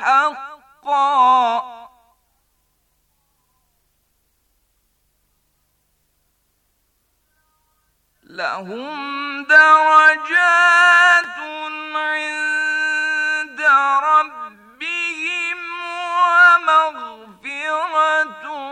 حقا لهم درجات عند ربهم ومغفرة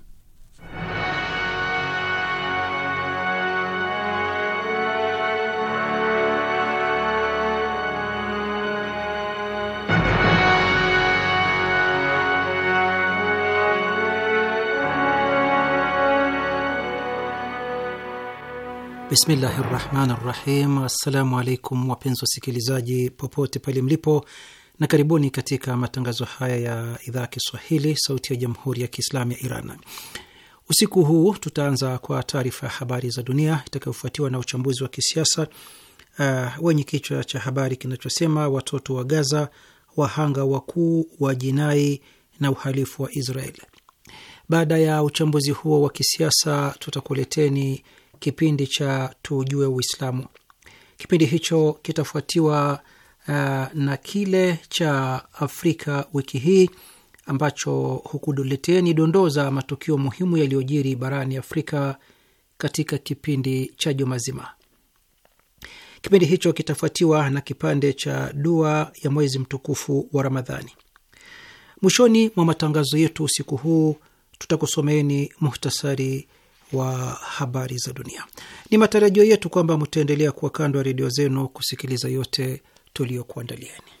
Bismillahi rahmani rahim. Assalamu alaikum wapenzi wasikilizaji popote pale mlipo, na karibuni katika matangazo haya ya idhaa ya Kiswahili sauti ya jamhuri ya Kiislamu ya Iran. Usiku huu tutaanza kwa taarifa ya habari za dunia itakayofuatiwa na uchambuzi wa kisiasa uh, wenye kichwa cha habari kinachosema watoto wa Gaza wahanga wakuu wa jinai na uhalifu wa Israel. Baada ya uchambuzi huo wa kisiasa tutakuleteni kipindi cha tujue Uislamu. Kipindi hicho kitafuatiwa uh, na kile cha Afrika wiki hii ambacho hukuduleteni dondoo za matukio muhimu yaliyojiri barani Afrika katika kipindi cha juma zima. Kipindi hicho kitafuatiwa na kipande cha dua ya mwezi mtukufu wa Ramadhani. Mwishoni mwa matangazo yetu usiku huu tutakusomeeni muhtasari wa habari za dunia. Ni matarajio yetu kwamba mtaendelea kuwa kando ya redio zenu kusikiliza yote tuliyokuandalieni.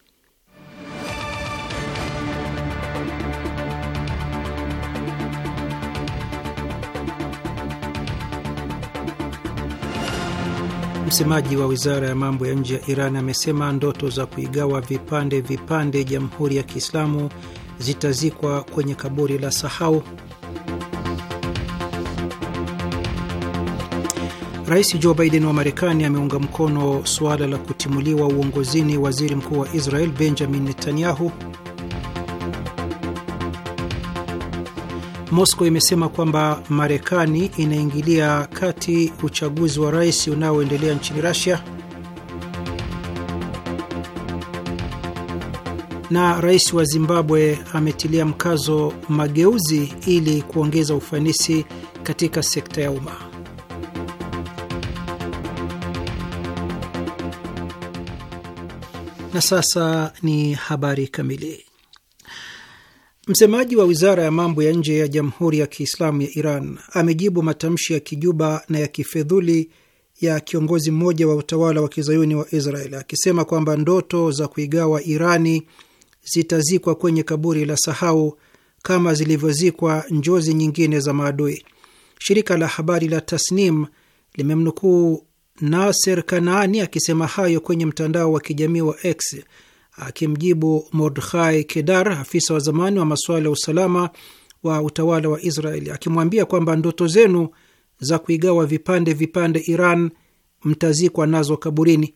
Msemaji wa wizara ya mambo ya nje ya Iran amesema ndoto za kuigawa vipande vipande jamhuri ya Kiislamu zitazikwa kwenye kaburi la sahau. Rais Joe Biden wa Marekani ameunga mkono suala la kutimuliwa uongozini waziri mkuu wa Israel Benjamin Netanyahu. Moscow imesema kwamba Marekani inaingilia kati uchaguzi wa rais unaoendelea nchini Russia. Na rais wa Zimbabwe ametilia mkazo mageuzi ili kuongeza ufanisi katika sekta ya umma. Na sasa ni habari kamili. Msemaji wa wizara ya mambo ya nje ya Jamhuri ya Kiislamu ya Iran amejibu matamshi ya kijuba na ya kifedhuli ya kiongozi mmoja wa utawala wa kizayuni wa Israel akisema kwamba ndoto za kuigawa Irani zitazikwa kwenye kaburi la sahau kama zilivyozikwa njozi nyingine za maadui. Shirika la habari la Tasnim limemnukuu Naser Kanaani akisema hayo kwenye mtandao wa kijamii wa X Akimjibu mordkhai Kedar, afisa wa zamani wa masuala ya usalama wa utawala wa Israeli, akimwambia kwamba ndoto zenu za kuigawa vipande vipande Iran mtazikwa nazo kaburini.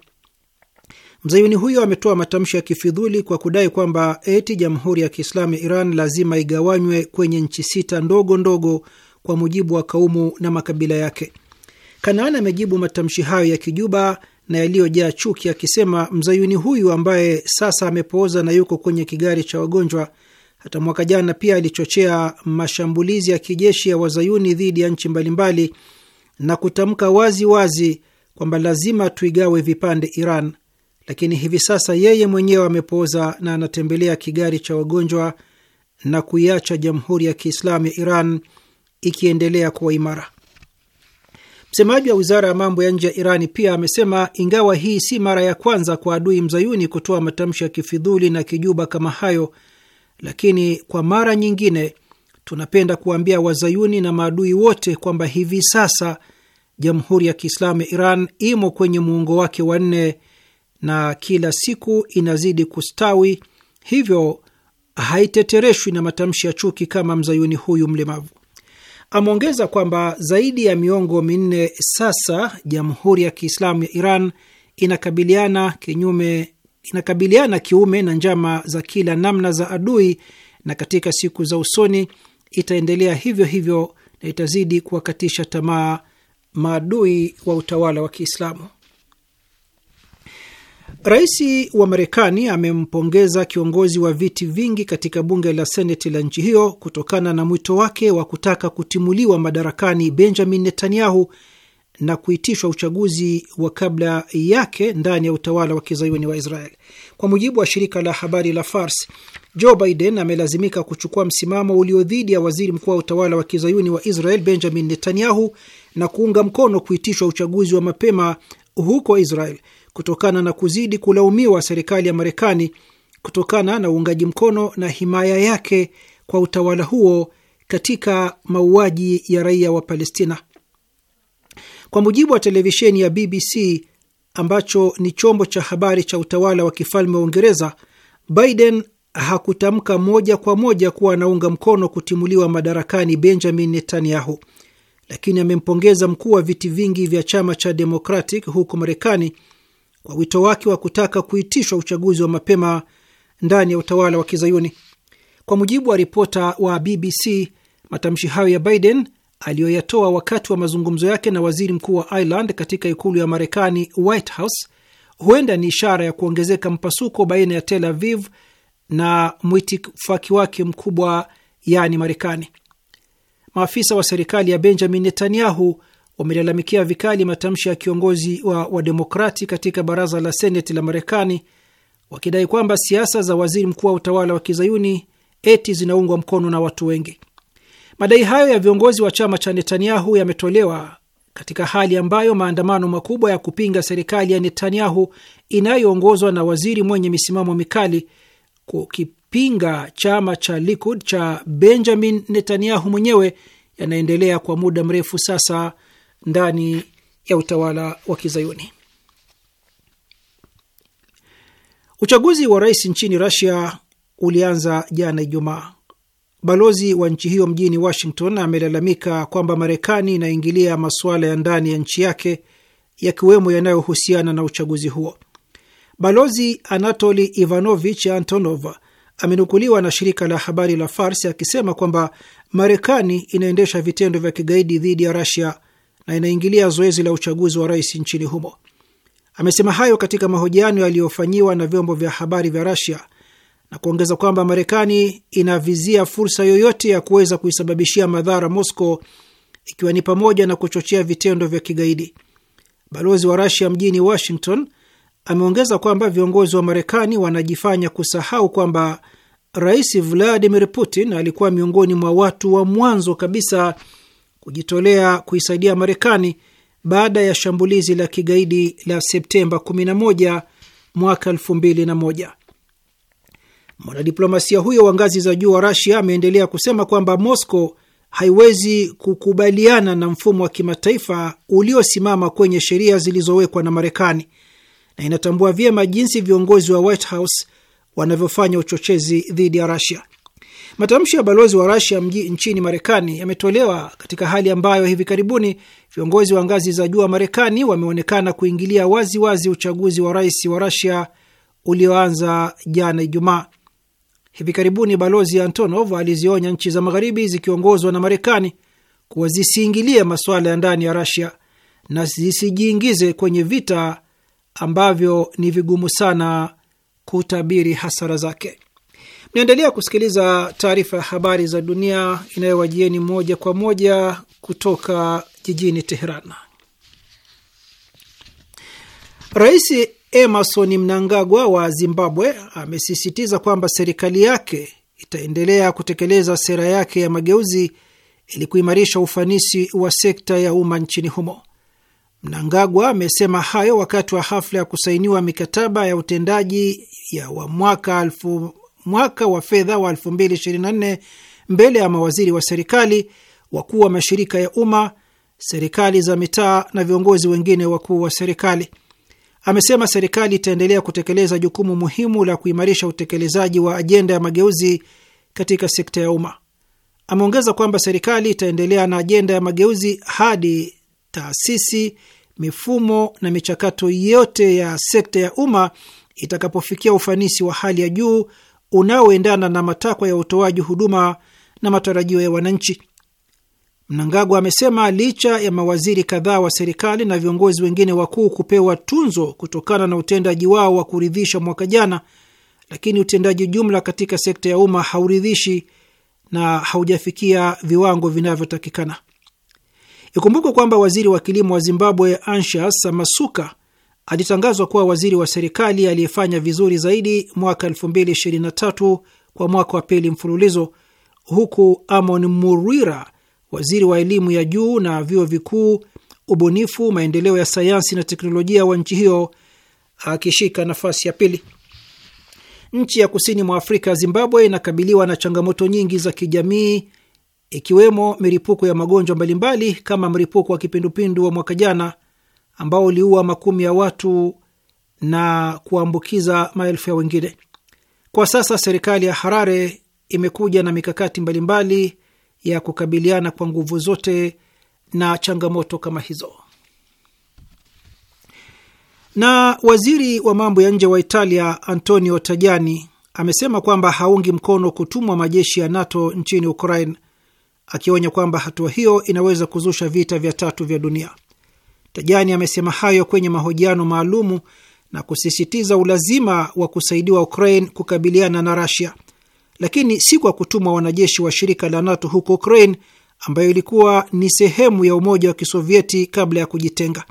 Mzayuni huyo ametoa matamshi ya kifidhuli kwa kudai kwamba eti jamhuri ya Kiislamu ya Iran lazima igawanywe kwenye nchi sita ndogo ndogo kwa mujibu wa kaumu na makabila yake. Kanaani amejibu matamshi hayo ya kijuba na yaliyojaa chuki, akisema mzayuni huyu ambaye sasa amepooza na yuko kwenye kigari cha wagonjwa, hata mwaka jana pia alichochea mashambulizi ya kijeshi ya wazayuni dhidi ya nchi mbalimbali na kutamka wazi wazi kwamba lazima tuigawe vipande Iran, lakini hivi sasa yeye mwenyewe amepooza na anatembelea kigari cha wagonjwa na kuiacha Jamhuri ya Kiislamu ya Iran ikiendelea kuwa imara. Msemaji wa wizara ya mambo ya nje ya Irani pia amesema ingawa hii si mara ya kwanza kwa adui mzayuni kutoa matamshi ya kifidhuli na kijuba kama hayo, lakini kwa mara nyingine tunapenda kuwaambia wazayuni na maadui wote kwamba hivi sasa Jamhuri ya Kiislamu ya Iran imo kwenye muongo wake wa nne na kila siku inazidi kustawi, hivyo haitetereshwi na matamshi ya chuki kama mzayuni huyu mlemavu. Ameongeza kwamba zaidi ya miongo minne sasa Jamhuri ya Kiislamu ya Iran inakabiliana kinyume, inakabiliana kiume na njama za kila namna za adui, na katika siku za usoni itaendelea hivyo hivyo na itazidi kuwakatisha tamaa maadui wa utawala wa Kiislamu. Rais wa Marekani amempongeza kiongozi wa viti vingi katika bunge la seneti la nchi hiyo kutokana na mwito wake wa kutaka kutimuliwa madarakani Benjamin Netanyahu na kuitishwa uchaguzi wa kabla yake ndani ya utawala wa kizayuni wa Israel. Kwa mujibu wa shirika la habari la Fars, Joe Biden amelazimika kuchukua msimamo ulio dhidi ya waziri mkuu wa utawala wa kizayuni wa Israel Benjamin Netanyahu na kuunga mkono kuitishwa uchaguzi wa mapema huko Israel kutokana na kuzidi kulaumiwa serikali ya Marekani kutokana na uungaji mkono na himaya yake kwa utawala huo katika mauaji ya raia wa Palestina. Kwa mujibu wa televisheni ya BBC ambacho ni chombo cha habari cha utawala wa kifalme wa Uingereza, Biden hakutamka moja kwa moja kuwa anaunga mkono kutimuliwa madarakani Benjamin Netanyahu, lakini amempongeza mkuu wa viti vingi vya chama cha Democratic huko Marekani kwa wito wake wa kutaka kuitishwa uchaguzi wa mapema ndani ya utawala wa Kizayuni. Kwa mujibu wa ripota wa BBC, matamshi hayo ya Biden aliyoyatoa wakati wa mazungumzo yake na waziri mkuu wa Ireland katika ikulu ya Marekani, White House, huenda ni ishara ya kuongezeka mpasuko baina ya Tel Aviv na mwitifaki wake mkubwa, yaani Marekani. Maafisa wa serikali ya Benjamin Netanyahu wamelalamikia vikali matamshi ya kiongozi wa Wademokrati katika baraza la seneti la Marekani, wakidai kwamba siasa za waziri mkuu wa utawala wa kizayuni eti zinaungwa mkono na watu wengi. Madai hayo ya viongozi wa chama cha Netanyahu yametolewa katika hali ambayo maandamano makubwa ya kupinga serikali ya Netanyahu inayoongozwa na waziri mwenye misimamo mikali kukipinga chama cha Likud cha Benjamin Netanyahu mwenyewe yanaendelea kwa muda mrefu sasa ndani ya utawala wa Kizayuni. Uchaguzi wa rais nchini Rusia ulianza jana Ijumaa. Balozi wa nchi hiyo mjini Washington amelalamika kwamba Marekani inaingilia masuala ya ndani ya nchi yake yakiwemo yanayohusiana na uchaguzi huo. Balozi Anatoli Ivanovich Antonov amenukuliwa na shirika la habari la Fars akisema kwamba Marekani inaendesha vitendo vya kigaidi dhidi ya Rasia na inaingilia zoezi la uchaguzi wa rais nchini humo. Amesema hayo katika mahojiano yaliyofanyiwa na vyombo vya habari vya rasia na kuongeza kwamba Marekani inavizia fursa yoyote ya kuweza kuisababishia madhara Moscow, ikiwa ni pamoja na kuchochea vitendo vya kigaidi. Balozi wa Rasia mjini Washington ameongeza kwamba viongozi wa Marekani wanajifanya kusahau kwamba Rais Vladimir Putin alikuwa miongoni mwa watu wa mwanzo kabisa kujitolea kuisaidia Marekani baada ya shambulizi la kigaidi la Septemba 11 mwaka 2001. Mwanadiplomasia huyo wa ngazi za juu wa Rasia ameendelea kusema kwamba Moscow haiwezi kukubaliana na mfumo wa kimataifa uliosimama kwenye sheria zilizowekwa na Marekani na inatambua vyema jinsi viongozi wa White House wanavyofanya uchochezi dhidi ya Rasia. Matamshi ya balozi wa Rasia nchini Marekani yametolewa katika hali ambayo hivi karibuni viongozi wa ngazi za juu wa Marekani wameonekana kuingilia waziwazi wazi uchaguzi wa rais wa Rasia ulioanza jana Ijumaa. Hivi karibuni balozi Antonov alizionya nchi za magharibi zikiongozwa na Marekani kuwa zisiingilie masuala ya ndani ya Rasia na zisijiingize kwenye vita ambavyo ni vigumu sana kutabiri hasara zake naendelea kusikiliza taarifa ya habari za dunia inayowajieni moja kwa moja kutoka jijini Teheran. Rais Emerson Mnangagwa wa Zimbabwe amesisitiza kwamba serikali yake itaendelea kutekeleza sera yake ya mageuzi ili kuimarisha ufanisi wa sekta ya umma nchini humo. Mnangagwa amesema hayo wakati wa hafla ya kusainiwa mikataba ya utendaji ya wa mwaka elfu mwaka wa fedha wa 2024 mbele ya mawaziri wa serikali, wakuu wa mashirika ya umma, serikali za mitaa na viongozi wengine wakuu wa serikali. Amesema serikali itaendelea kutekeleza jukumu muhimu la kuimarisha utekelezaji wa ajenda ya mageuzi katika sekta ya umma. Ameongeza kwamba serikali itaendelea na ajenda ya mageuzi hadi taasisi, mifumo na michakato yote ya sekta ya umma itakapofikia ufanisi wa hali ya juu unaoendana na matakwa ya utoaji huduma na matarajio ya wananchi. Mnangagwa amesema licha ya mawaziri kadhaa wa serikali na viongozi wengine wakuu kupewa tunzo kutokana na utendaji wao wa kuridhisha mwaka jana, lakini utendaji jumla katika sekta ya umma hauridhishi na haujafikia viwango vinavyotakikana. Ikumbukwe kwamba waziri wa kilimo wa Zimbabwe Anshas Masuka alitangazwa kuwa waziri wa serikali aliyefanya vizuri zaidi mwaka 2023 kwa mwaka wa pili mfululizo, huku Amon Murwira, waziri wa elimu ya juu na vyuo vikuu, ubunifu, maendeleo ya sayansi na teknolojia wa nchi hiyo akishika nafasi ya pili. Nchi ya kusini mwa Afrika, Zimbabwe, inakabiliwa na changamoto nyingi za kijamii ikiwemo milipuko ya magonjwa mbalimbali kama mlipuko wa kipindupindu wa mwaka jana ambao uliua makumi ya watu na kuambukiza maelfu ya wengine. Kwa sasa serikali ya Harare imekuja na mikakati mbalimbali ya kukabiliana kwa nguvu zote na changamoto kama hizo. Na waziri wa mambo ya nje wa Italia Antonio Tajani amesema kwamba haungi mkono kutumwa majeshi ya NATO nchini Ukraine, akionya kwamba hatua hiyo inaweza kuzusha vita vya tatu vya dunia. Tajani amesema hayo kwenye mahojiano maalumu na kusisitiza ulazima wa kusaidiwa Ukraine kukabiliana na Russia, lakini si kwa kutumwa wanajeshi wa shirika la NATO huko Ukraine ambayo ilikuwa ni sehemu ya Umoja wa Kisovieti kabla ya kujitenga.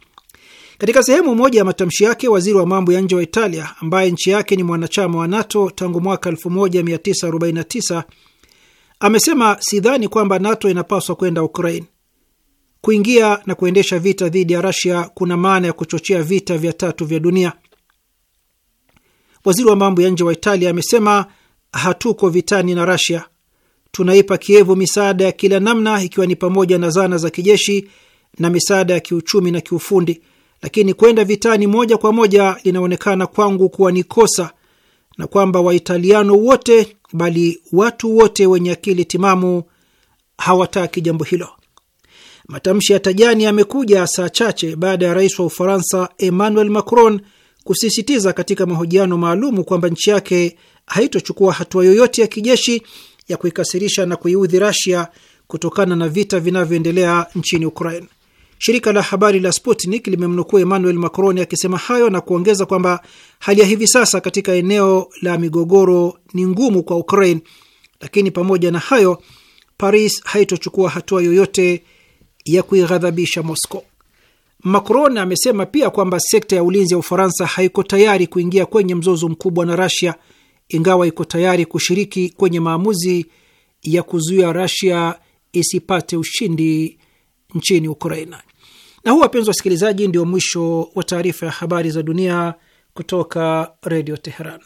Katika sehemu moja ya matamshi yake, waziri wa mambo ya nje wa Italia ambaye nchi yake ni mwanachama wa NATO tangu mwaka 1949 amesema sidhani kwamba NATO inapaswa kwenda Ukraine. Kuingia na kuendesha vita dhidi ya Rasia kuna maana ya kuchochea vita vya tatu vya dunia. Waziri wa mambo ya nje wa Italia amesema hatuko vitani na Rasia, tunaipa Kievu misaada ya kila namna, ikiwa ni pamoja na zana za kijeshi na misaada ya kiuchumi na kiufundi, lakini kwenda vitani moja kwa moja linaonekana kwangu kuwa ni kosa, na kwamba Waitaliano wote bali watu wote wenye akili timamu hawataki jambo hilo. Matamshi ya Tajani yamekuja saa chache baada ya rais wa Ufaransa Emmanuel Macron kusisitiza katika mahojiano maalumu kwamba nchi yake haitochukua hatua yoyote ya kijeshi ya kuikasirisha na kuiudhi Rasia kutokana na vita vinavyoendelea nchini Ukraine. Shirika la habari la Sputnik limemnukuu Emmanuel Macron akisema hayo na kuongeza kwamba hali ya hivi sasa katika eneo la migogoro ni ngumu kwa Ukraine, lakini pamoja na hayo, Paris haitochukua hatua yoyote ya kuighadhabisha Moscow. Macron amesema pia kwamba sekta ya ulinzi ya Ufaransa haiko tayari kuingia kwenye mzozo mkubwa na Russia, ingawa iko tayari kushiriki kwenye maamuzi ya kuzuia Russia isipate ushindi nchini Ukraina. Na huu, wapenzi wasikilizaji, ndio mwisho wa taarifa ya habari za dunia kutoka Redio Teheran.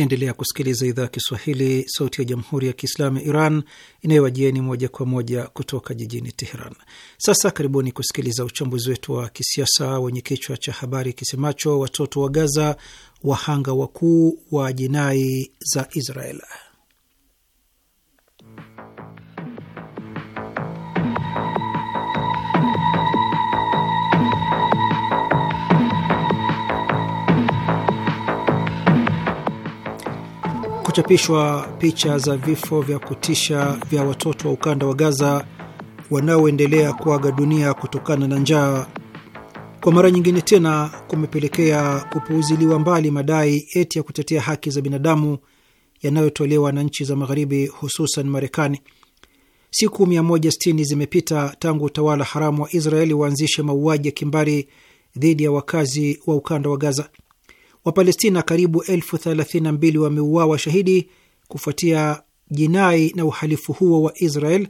Naendelea kusikiliza idhaa ya Kiswahili, sauti ya jamhuri ya kiislamu ya Iran inayowajieni moja kwa moja kutoka jijini Teheran. Sasa karibuni kusikiliza uchambuzi wetu wa kisiasa wenye kichwa cha habari kisemacho watoto wa Gaza wahanga wakuu wa jinai za Israel. kuchapishwa picha za vifo vya kutisha vya watoto wa ukanda wa Gaza wanaoendelea kuaga dunia kutokana na njaa kwa mara nyingine tena kumepelekea kupuuziliwa mbali madai eti ya kutetea haki za binadamu yanayotolewa na nchi za Magharibi, hususan Marekani. Siku 160 zimepita tangu utawala haramu wa Israeli waanzishe mauaji ya kimbari dhidi ya wakazi wa ukanda wa Gaza. Wapalestina karibu elfu thelathini na mbili wameuawa shahidi kufuatia jinai na uhalifu huo wa Israel.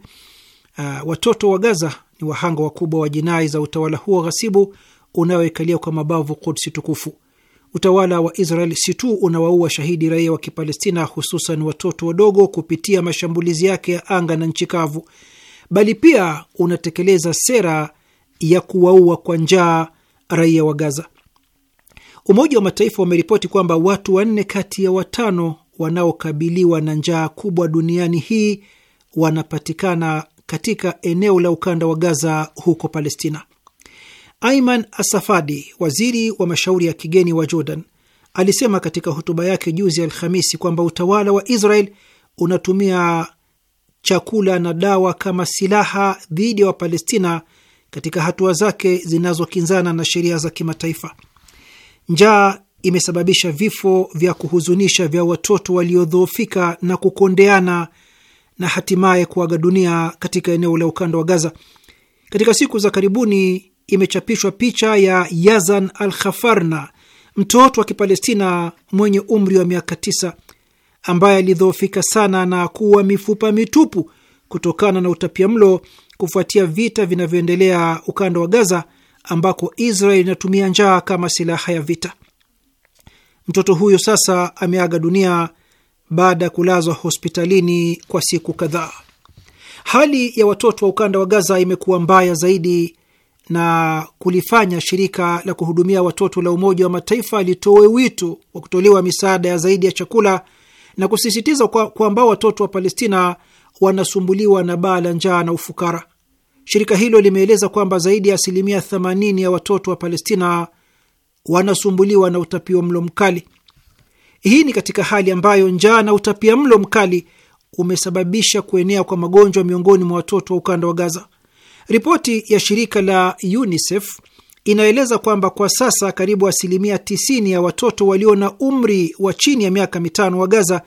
Uh, watoto wa Gaza ni wahanga wakubwa wa jinai za utawala huo ghasibu unaoikalia kwa mabavu Kudsi tukufu. Utawala wa Israel si tu unawaua shahidi raia wa Kipalestina, hususan watoto wadogo, kupitia mashambulizi yake ya anga na nchi kavu, bali pia unatekeleza sera ya kuwaua kwa njaa raia wa Gaza. Umoja wa Mataifa umeripoti kwamba watu wanne kati ya watano wanaokabiliwa na njaa kubwa duniani hii wanapatikana katika eneo la ukanda wa Gaza huko Palestina. Aiman Asafadi, waziri wa mashauri ya kigeni wa Jordan, alisema katika hotuba yake juzi Alhamisi kwamba utawala wa Israel unatumia chakula na dawa kama silaha dhidi ya wa Wapalestina katika hatua zake zinazokinzana na sheria za kimataifa. Njaa imesababisha vifo vya kuhuzunisha vya watoto waliodhoofika na kukondeana na hatimaye kuaga dunia katika eneo la ukanda wa Gaza. Katika siku za karibuni imechapishwa picha ya Yazan Al Khafarna, mtoto wa Kipalestina mwenye umri wa miaka tisa ambaye alidhoofika sana na kuwa mifupa mitupu kutokana na utapia mlo kufuatia vita vinavyoendelea ukanda wa Gaza ambako Israel inatumia njaa kama silaha ya vita. Mtoto huyo sasa ameaga dunia baada ya kulazwa hospitalini kwa siku kadhaa. Hali ya watoto wa ukanda wa Gaza imekuwa mbaya zaidi na kulifanya shirika la kuhudumia watoto la Umoja wa Mataifa litoe wito wa kutolewa misaada ya zaidi ya chakula na kusisitiza kwamba kwa watoto wa Palestina wanasumbuliwa na baa la njaa na ufukara. Shirika hilo limeeleza kwamba zaidi ya asilimia 80 ya watoto wa Palestina wanasumbuliwa na utapia mlo mkali. Hii ni katika hali ambayo njaa na utapia mlo mkali umesababisha kuenea kwa magonjwa miongoni mwa watoto wa ukanda wa Gaza. Ripoti ya shirika la UNICEF inaeleza kwamba kwa sasa karibu asilimia 90 ya watoto walio na umri wa chini ya miaka mitano wa Gaza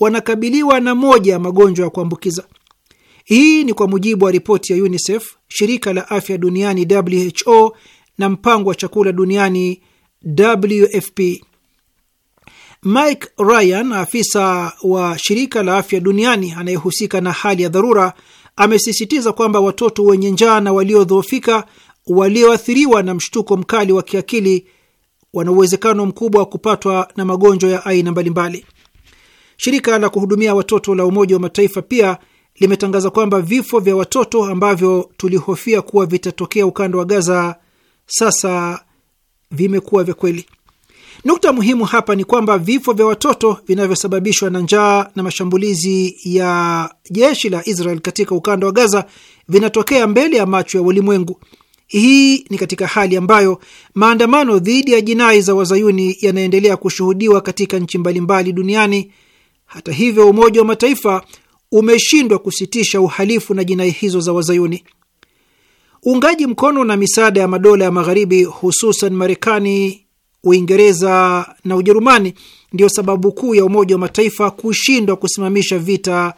wanakabiliwa na moja ya magonjwa ya kuambukiza. Hii ni kwa mujibu wa ripoti ya UNICEF, shirika la afya duniani WHO na mpango wa chakula duniani WFP. Mike Ryan, afisa wa shirika la afya duniani anayehusika na hali ya dharura, amesisitiza kwamba watoto wenye njaa na waliodhoofika, walioathiriwa na mshtuko mkali wa kiakili, wana uwezekano mkubwa wa kupatwa na magonjwa ya aina mbalimbali. Shirika la kuhudumia watoto la Umoja wa Mataifa pia limetangaza kwamba vifo vya watoto ambavyo tulihofia kuwa vitatokea ukanda wa Gaza sasa vimekuwa vya kweli. Nukta muhimu hapa ni kwamba vifo vya watoto vinavyosababishwa na njaa na mashambulizi ya jeshi la Israel katika ukanda wa Gaza vinatokea mbele ya macho ya ulimwengu. Hii ni katika hali ambayo maandamano dhidi ya jinai za wazayuni yanaendelea kushuhudiwa katika nchi mbalimbali duniani. Hata hivyo, Umoja wa Mataifa umeshindwa kusitisha uhalifu na jinai hizo za Wazayuni. Uungaji mkono na misaada ya madola ya Magharibi, hususan Marekani, Uingereza na Ujerumani, ndiyo sababu kuu ya Umoja wa Mataifa kushindwa kusimamisha vita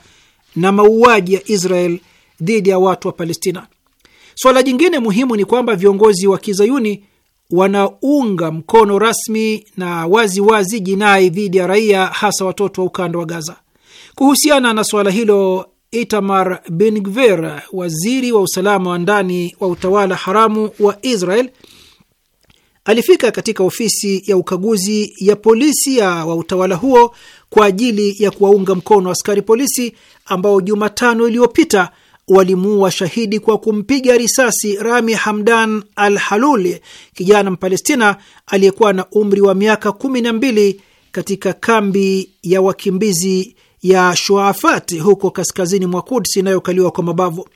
na mauaji ya Israel dhidi ya watu wa Palestina. Suala jingine muhimu ni kwamba viongozi wa kizayuni wanaunga mkono rasmi na waziwazi wazi jinai dhidi ya raia, hasa watoto wa ukanda wa Gaza. Kuhusiana na suala hilo, Itamar Ben Gvir, waziri wa usalama wa ndani wa utawala haramu wa Israel, alifika katika ofisi ya ukaguzi ya polisi ya wa utawala huo kwa ajili ya kuwaunga mkono askari polisi ambao Jumatano iliyopita walimuua shahidi kwa kumpiga risasi Rami Hamdan Al Haluli, kijana Mpalestina aliyekuwa na umri wa miaka kumi na mbili katika kambi ya wakimbizi ya shuafat huko kaskazini mwa Kuds inayokaliwa kwa mabavu.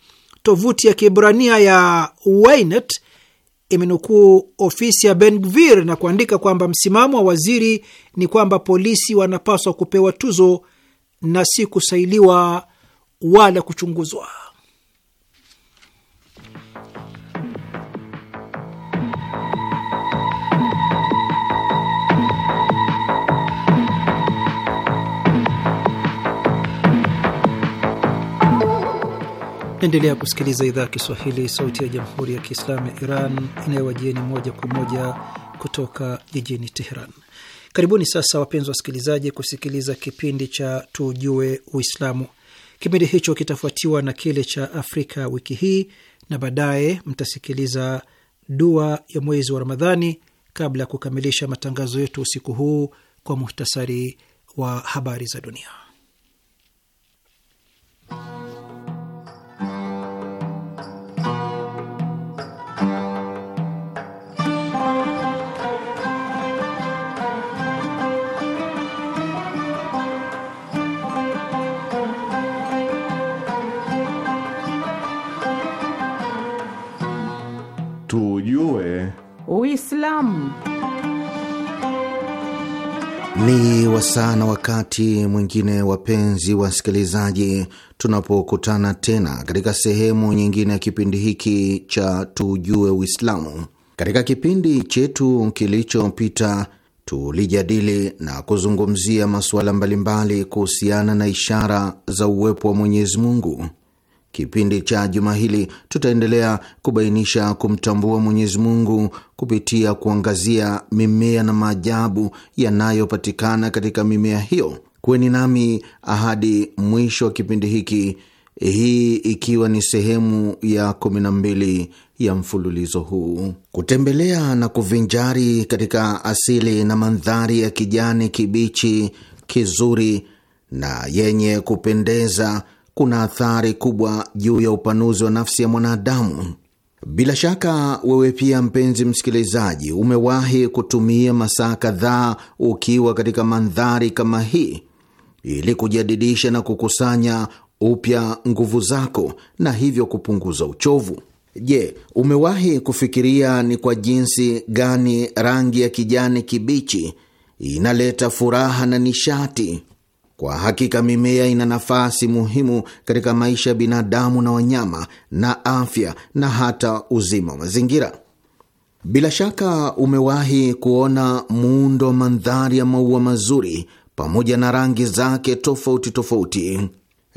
Tovuti ya Kiebrania ya Ynet imenukuu ofisi ya Ben Gvir na kuandika kwamba msimamo wa waziri ni kwamba polisi wanapaswa kupewa tuzo na si kusailiwa wala kuchunguzwa. Naendelea kusikiliza idhaa ya Kiswahili, sauti ya jamhuri ya kiislamu ya Iran inayowajieni moja kwa moja kutoka jijini Teheran. Karibuni sasa, wapenzi wasikilizaji, kusikiliza kipindi cha Tujue Uislamu. Kipindi hicho kitafuatiwa na kile cha Afrika wiki hii, na baadaye mtasikiliza dua ya mwezi wa Ramadhani kabla ya kukamilisha matangazo yetu usiku huu kwa muhtasari wa habari za dunia. tujue Uislamu. Ni wasaa na wakati mwingine, wapenzi wasikilizaji, tunapokutana tena katika sehemu nyingine ya kipindi hiki cha tujue Uislamu. Katika kipindi chetu kilichopita, tulijadili na kuzungumzia masuala mbalimbali kuhusiana na ishara za uwepo wa Mwenyezi Mungu. Kipindi cha juma hili tutaendelea kubainisha kumtambua Mwenyezi Mungu kupitia kuangazia mimea na maajabu yanayopatikana katika mimea hiyo. Kuweni nami ahadi mwisho wa kipindi hiki, hii ikiwa ni sehemu ya kumi na mbili ya mfululizo huu. Kutembelea na kuvinjari katika asili na mandhari ya kijani kibichi kizuri na yenye kupendeza kuna athari kubwa juu ya upanuzi wa nafsi ya mwanadamu. Bila shaka wewe pia mpenzi msikilizaji, umewahi kutumia masaa kadhaa ukiwa katika mandhari kama hii ili kujadidisha na kukusanya upya nguvu zako na hivyo kupunguza uchovu. Je, umewahi kufikiria ni kwa jinsi gani rangi ya kijani kibichi inaleta furaha na nishati kwa hakika mimea ina nafasi muhimu katika maisha ya binadamu na wanyama na afya na hata uzima wa mazingira. Bila shaka umewahi kuona muundo wa mandhari ya maua mazuri pamoja na rangi zake tofauti tofauti.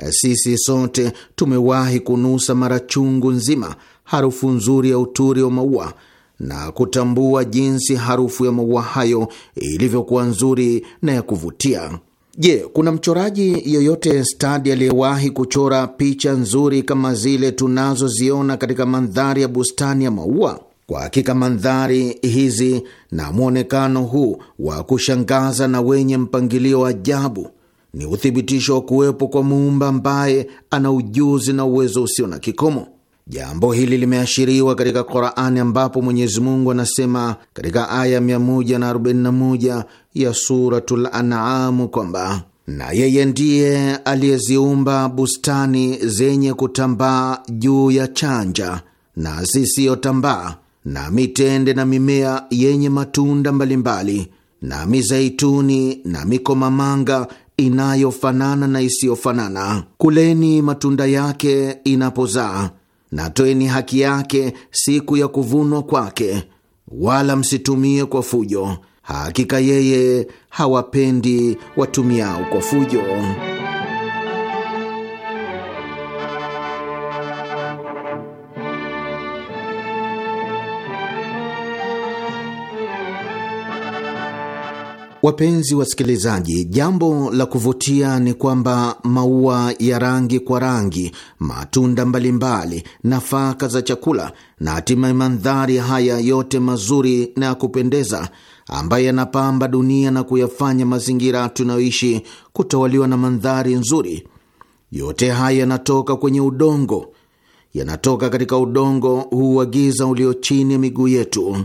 Sisi sote tumewahi kunusa mara chungu nzima harufu nzuri ya uturi wa maua na kutambua jinsi harufu ya maua hayo ilivyokuwa nzuri na ya kuvutia. Je, kuna mchoraji yoyote stadi aliyewahi kuchora picha nzuri kama zile tunazoziona katika mandhari ya bustani ya maua? Kwa hakika mandhari hizi na mwonekano huu wa kushangaza na wenye mpangilio wa ajabu ni uthibitisho wa kuwepo kwa muumba ambaye ana ujuzi na uwezo usio na kikomo. Jambo hili limeashiriwa katika Korani ambapo Mwenyezi Mungu anasema katika aya 141 ya Suratul Anamu kwamba na yeye ndiye aliyeziumba bustani zenye kutambaa juu ya chanja na zisiyotambaa na mitende na mimea yenye matunda mbalimbali na mizeituni na mikomamanga inayofanana na isiyofanana. Kuleni matunda yake inapozaa, na toeni haki yake siku ya kuvunwa kwake, wala msitumie kwa fujo Hakika yeye hawapendi watumiao kwa fujo. Wapenzi wasikilizaji, jambo la kuvutia ni kwamba maua ya rangi kwa rangi, matunda mbalimbali, nafaka za chakula na hatimaye mandhari haya yote mazuri na ya kupendeza ambaye anapamba dunia na kuyafanya mazingira tunayoishi kutawaliwa na mandhari nzuri. Yote haya yanatoka kwenye udongo, yanatoka katika udongo huu wa giza ulio chini ya miguu yetu.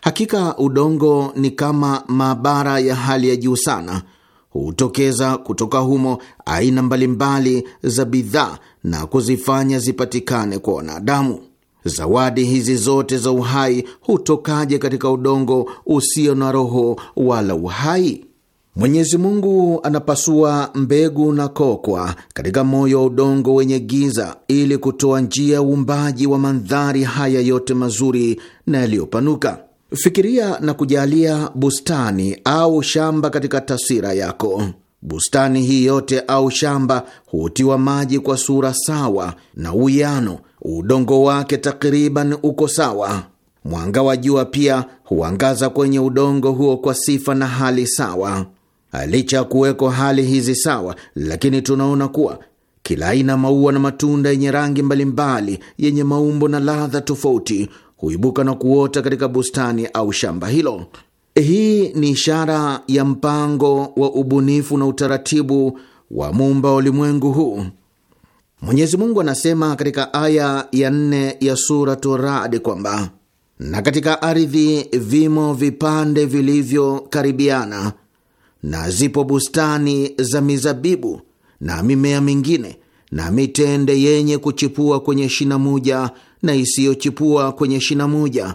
Hakika udongo ni kama maabara ya hali ya juu sana, hutokeza kutoka humo aina mbalimbali za bidhaa na kuzifanya zipatikane kwa wanadamu. Zawadi hizi zote za uhai hutokaje katika udongo usio na roho wala uhai? Mwenyezi Mungu anapasua mbegu na kokwa katika moyo wa udongo wenye giza ili kutoa njia ya uumbaji wa mandhari haya yote mazuri na yaliyopanuka. Fikiria na kujalia bustani au shamba katika taswira yako. Bustani hii yote au shamba hutiwa maji kwa sura sawa na uwiano udongo wake takriban uko sawa. Mwanga wa jua pia huangaza kwenye udongo huo kwa sifa na hali sawa. Licha ya kuweko hali hizi sawa, lakini tunaona kuwa kila aina maua na matunda yenye rangi mbalimbali, yenye maumbo na ladha tofauti huibuka na kuota katika bustani au shamba hilo. Hii ni ishara ya mpango wa ubunifu na utaratibu wa muumba ulimwengu huu. Mwenyezi Mungu anasema katika aya ya nne ya Suratu Radi kwamba na katika ardhi vimo vipande vilivyokaribiana na zipo bustani za mizabibu na mimea mingine na mitende yenye kuchipua kwenye shina moja na isiyochipua kwenye shina moja,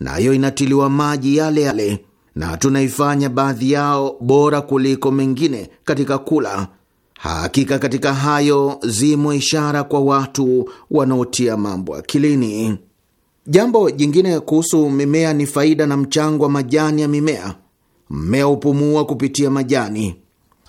nayo inatiliwa maji yale yale, na tunaifanya baadhi yao bora kuliko mengine katika kula Hakika katika hayo zimo ishara kwa watu wanaotia mambo akilini. Jambo jingine kuhusu mimea ni faida na mchango wa majani ya mimea. Mmea hupumua kupitia majani.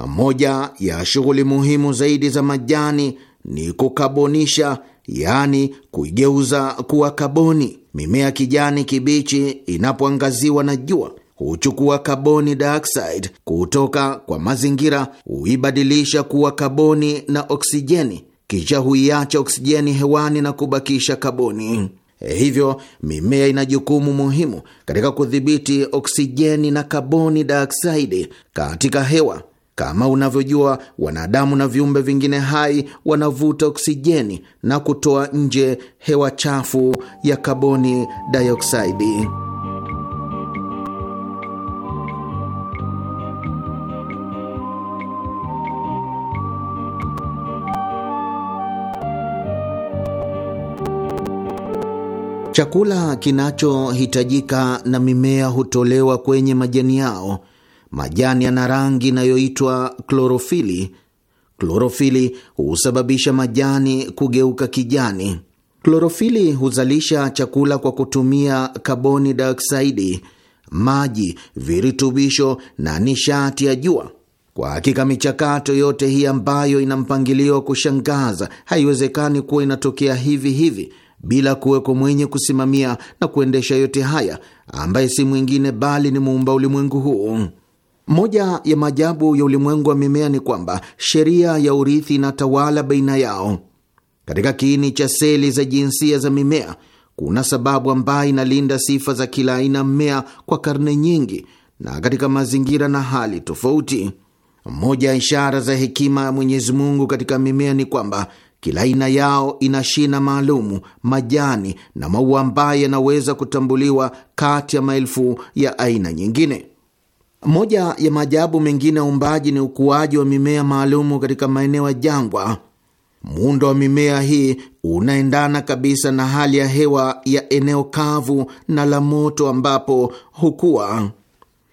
Moja ya shughuli muhimu zaidi za majani ni kukabonisha, yaani kuigeuza kuwa kaboni. Mimea kijani kibichi inapoangaziwa na jua huchukua kaboni dioxide kutoka kwa mazingira, huibadilisha kuwa kaboni na oksijeni, kisha huiacha oksijeni hewani na kubakisha kaboni. Hivyo mimea ina jukumu muhimu katika kudhibiti oksijeni na kaboni dioksidi katika hewa. Kama unavyojua, wanadamu na viumbe vingine hai wanavuta oksijeni na kutoa nje hewa chafu ya kaboni dioksidi. Chakula kinachohitajika na mimea hutolewa kwenye majani yao. Majani yana rangi inayoitwa klorofili. Klorofili husababisha majani kugeuka kijani. Klorofili huzalisha chakula kwa kutumia kaboni dioksaidi maji, virutubisho na nishati ya jua. Kwa hakika michakato yote hii ambayo ina mpangilio wa kushangaza haiwezekani kuwa inatokea hivi hivi, bila kuweko mwenye kusimamia na kuendesha yote haya, ambaye si mwingine bali ni muumba ulimwengu huu. Moja ya maajabu ya ulimwengu wa mimea ni kwamba sheria ya urithi inatawala baina yao. Katika kiini cha seli za jinsia za mimea kuna sababu ambayo inalinda sifa za kila aina mmea kwa karne nyingi na katika mazingira na hali tofauti. Moja ya ishara za hekima ya Mwenyezi Mungu katika mimea ni kwamba kila aina yao ina shina maalumu, majani na maua ambayo yanaweza kutambuliwa kati ya maelfu ya aina nyingine. Moja ya maajabu mengine ya umbaji ni ukuaji wa mimea maalumu katika maeneo ya jangwa. Muundo wa mimea hii unaendana kabisa na hali ya hewa ya eneo kavu na la moto ambapo hukua.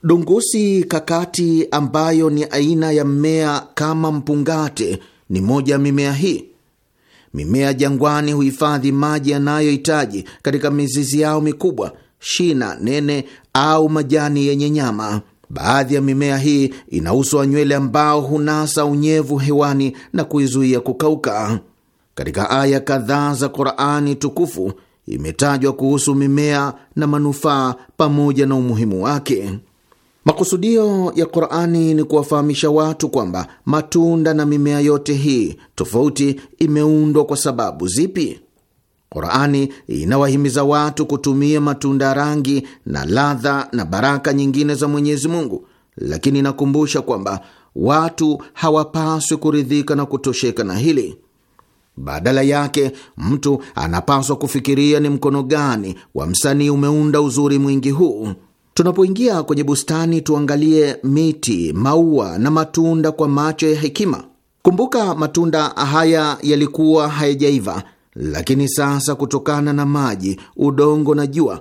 Dungusi kakati, ambayo ni aina ya mmea kama mpungate, ni moja ya mimea hii. Mimea jangwani huhifadhi maji yanayohitaji katika mizizi yao mikubwa, shina nene au majani yenye nyama. Baadhi ya mimea hii ina uso wa nywele ambao hunasa unyevu hewani na kuizuia kukauka. Katika aya kadhaa za Korani tukufu imetajwa kuhusu mimea na manufaa pamoja na umuhimu wake. Makusudio ya Qur'ani ni kuwafahamisha watu kwamba matunda na mimea yote hii tofauti imeundwa kwa sababu zipi? Qur'ani inawahimiza watu kutumia matunda rangi na ladha na baraka nyingine za Mwenyezi Mungu, lakini inakumbusha kwamba watu hawapaswi kuridhika na kutosheka na hili. Badala yake mtu anapaswa kufikiria ni mkono gani wa msanii umeunda uzuri mwingi huu. Tunapoingia kwenye bustani, tuangalie miti, maua na matunda kwa macho ya hekima. Kumbuka, matunda haya yalikuwa hayajaiva, lakini sasa kutokana na maji, udongo na jua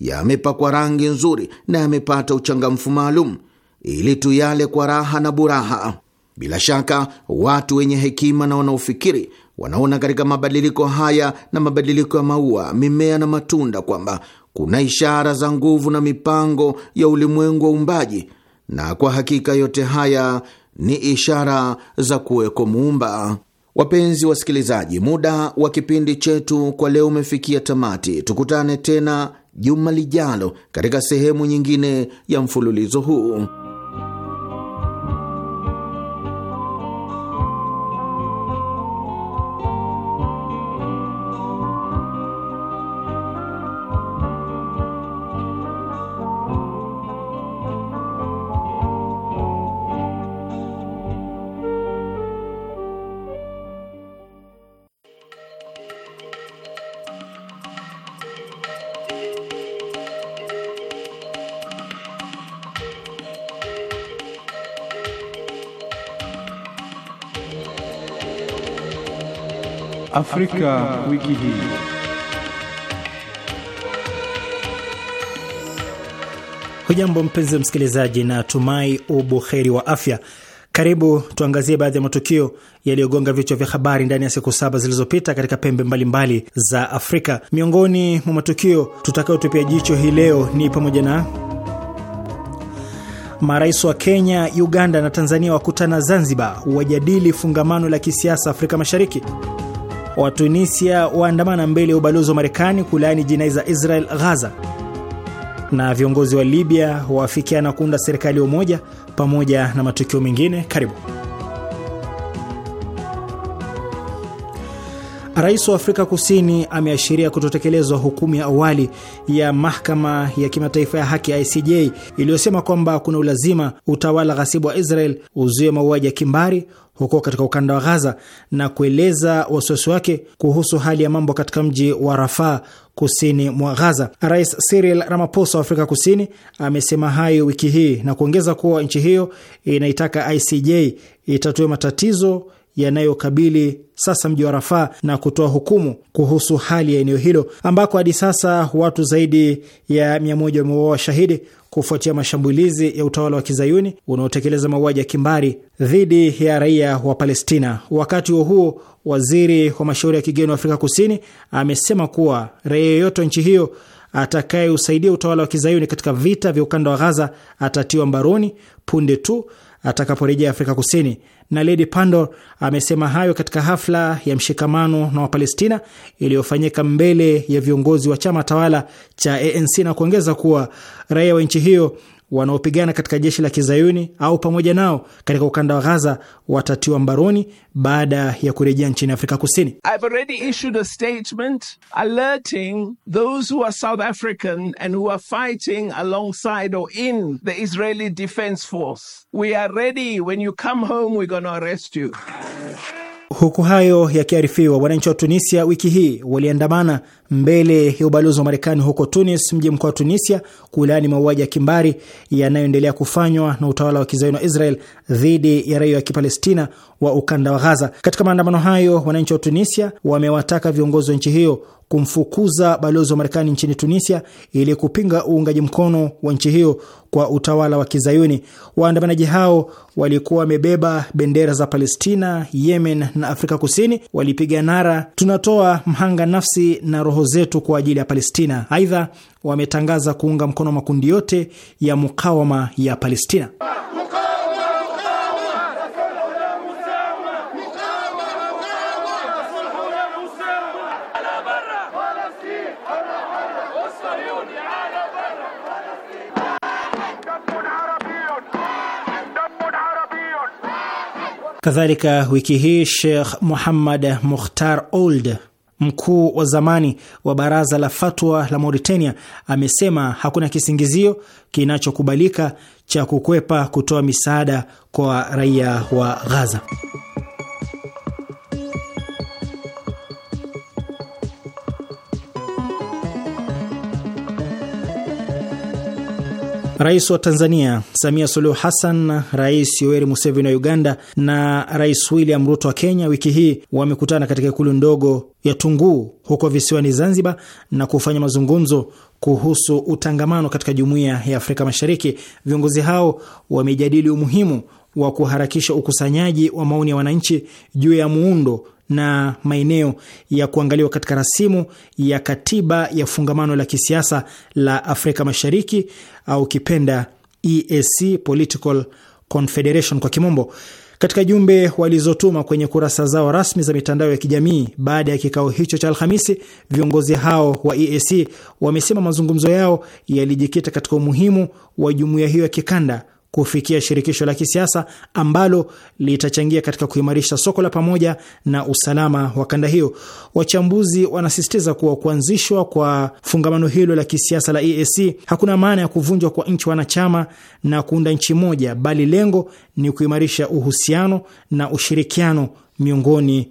yamepakwa rangi nzuri na yamepata uchangamfu maalum ili tuyale kwa raha na buraha. Bila shaka watu wenye hekima na wanaofikiri wanaona katika mabadiliko haya na mabadiliko ya maua, mimea na matunda kwamba kuna ishara za nguvu na mipango ya ulimwengu wa uumbaji, na kwa hakika yote haya ni ishara za kuweko muumba. Wapenzi wasikilizaji, muda wa kipindi chetu kwa leo umefikia tamati. Tukutane tena juma lijalo katika sehemu nyingine ya mfululizo huu. Afrika, wiki hii. Hujambo mpenzi msikilizaji, na tumai ubuheri wa afya. Karibu tuangazie baadhi ya matukio yaliyogonga vichwa vya habari ndani ya siku saba zilizopita katika pembe mbalimbali mbali za Afrika. Miongoni mwa matukio tutakayotupia jicho hii leo ni pamoja na marais wa Kenya, Uganda na Tanzania wakutana Zanzibar, wajadili fungamano la kisiasa Afrika Mashariki. Watunisia waandamana mbele ya ubalozi wa Marekani kulaani jinai za Israel Ghaza, na viongozi wa Libya waafikiana kuunda serikali ya umoja, pamoja na matukio mengine. Karibu. Rais wa Afrika Kusini ameashiria kutotekelezwa hukumu ya awali ya mahakama ya kimataifa ya haki ICJ iliyosema kwamba kuna ulazima utawala ghasibu wa Israel uzuie mauaji ya kimbari, huko katika ukanda wa Ghaza na kueleza wasiwasi wake kuhusu hali ya mambo katika mji wa Rafaa kusini mwa Ghaza. Rais Cyril Ramaphosa wa Afrika Kusini amesema hayo wiki hii na kuongeza kuwa nchi hiyo inaitaka ICJ itatue matatizo yanayokabili sasa mji wa Rafaa na kutoa hukumu kuhusu hali ya eneo hilo ambako hadi sasa watu zaidi ya mia moja wameuawa shahidi kufuatia mashambulizi ya utawala wa kizayuni unaotekeleza mauaji ya kimbari dhidi ya raia wa Palestina. Wakati huo huo, waziri wa mashauri ya kigeni wa Afrika Kusini amesema kuwa raia yoyote wa nchi hiyo atakayeusaidia utawala wa kizayuni katika vita vya ukanda wa Ghaza atatiwa mbaroni punde tu atakaporejea Afrika Kusini. Na Lady Pandor amesema hayo katika hafla ya mshikamano na Wapalestina iliyofanyika mbele ya viongozi wa chama tawala cha ANC na kuongeza kuwa raia wa nchi hiyo wanaopigana katika jeshi la kizayuni au pamoja nao katika ukanda wa Ghaza watatiwa mbaroni baada ya kurejea nchini Afrika Kusini. I've already issued a statement alerting those who are South African and who are fighting alongside or in the Israeli Defense Force. We are ready. When you come home, we're arrest you. Huku hayo yakiarifiwa, wananchi wa Tunisia wiki hii waliandamana mbele ya ubalozi wa Marekani huko Tunis, mji mkuu wa Tunisia, kulaani mauaji ya kimbari yanayoendelea kufanywa na utawala wa kizayuni wa Israel dhidi ya raia wa Kipalestina wa ukanda wa Ghaza. Katika maandamano hayo, wananchi wa Tunisia wamewataka viongozi wa nchi hiyo kumfukuza balozi wa Marekani nchini Tunisia ili kupinga uungaji mkono wa nchi hiyo kwa utawala wa kizayuni. Waandamanaji hao walikuwa wamebeba bendera za Palestina, Yemen na Afrika Kusini, walipiga nara tunatoa mhanga nafsi na roho roho zetu kwa ajili ya Palestina. Aidha, wametangaza kuunga mkono makundi yote ya mukawama ya Palestina. Kadhalika, wiki hii Sheikh Muhammad Mukhtar Old Mkuu wa zamani wa baraza la fatwa la Mauritania amesema hakuna kisingizio kinachokubalika cha kukwepa kutoa misaada kwa raia wa Gaza. Rais wa Tanzania Samia Suluhu Hassan, Rais Yoweri Museveni wa Uganda na Rais William Ruto wa Kenya wiki hii wamekutana katika ikulu ndogo ya Tunguu huko visiwani Zanzibar na kufanya mazungumzo kuhusu utangamano katika jumuiya ya Afrika Mashariki. Viongozi hao wamejadili umuhimu wa kuharakisha ukusanyaji wa maoni ya wananchi juu ya muundo na maeneo ya kuangaliwa katika rasimu ya katiba ya fungamano la kisiasa la Afrika Mashariki au kipenda EAC, Political Confederation kwa kimombo. Katika jumbe walizotuma kwenye kurasa zao rasmi za mitandao ya kijamii baada ya kikao hicho cha Alhamisi, viongozi hao wa EAC wamesema mazungumzo yao yalijikita katika umuhimu wa jumuiya hiyo ya kikanda kufikia shirikisho la kisiasa ambalo litachangia katika kuimarisha soko la pamoja na usalama wa kanda hiyo. Wachambuzi wanasisitiza kuwa kuanzishwa kwa fungamano hilo la kisiasa la EAC hakuna maana ya kuvunjwa kwa nchi wanachama na kuunda nchi moja, bali lengo ni kuimarisha uhusiano na ushirikiano miongoni